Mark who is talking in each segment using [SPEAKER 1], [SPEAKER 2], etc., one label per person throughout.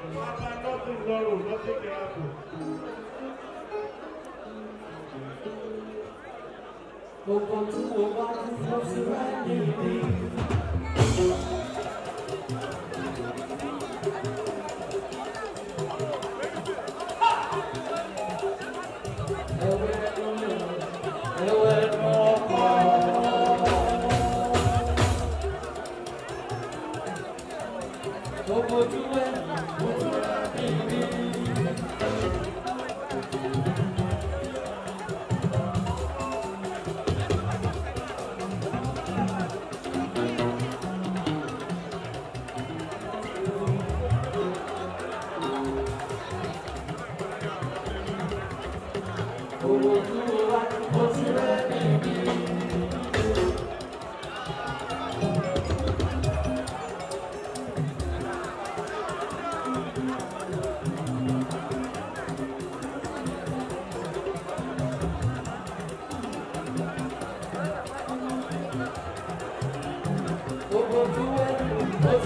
[SPEAKER 1] Papa, nothing wrong, nothing can happen.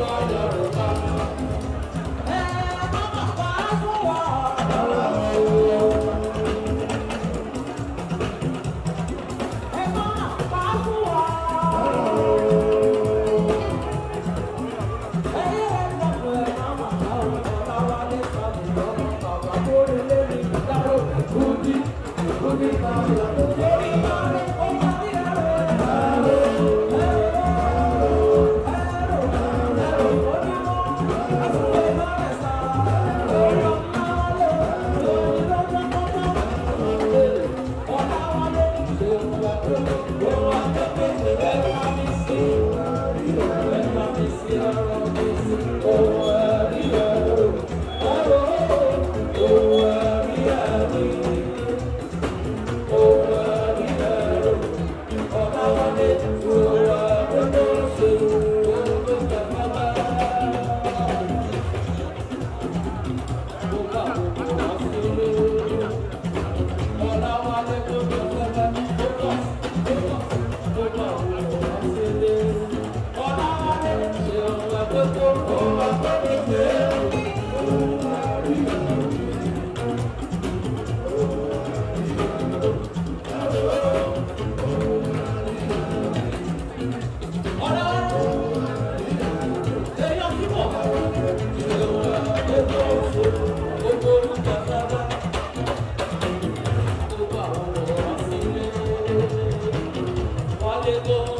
[SPEAKER 2] Father. llevó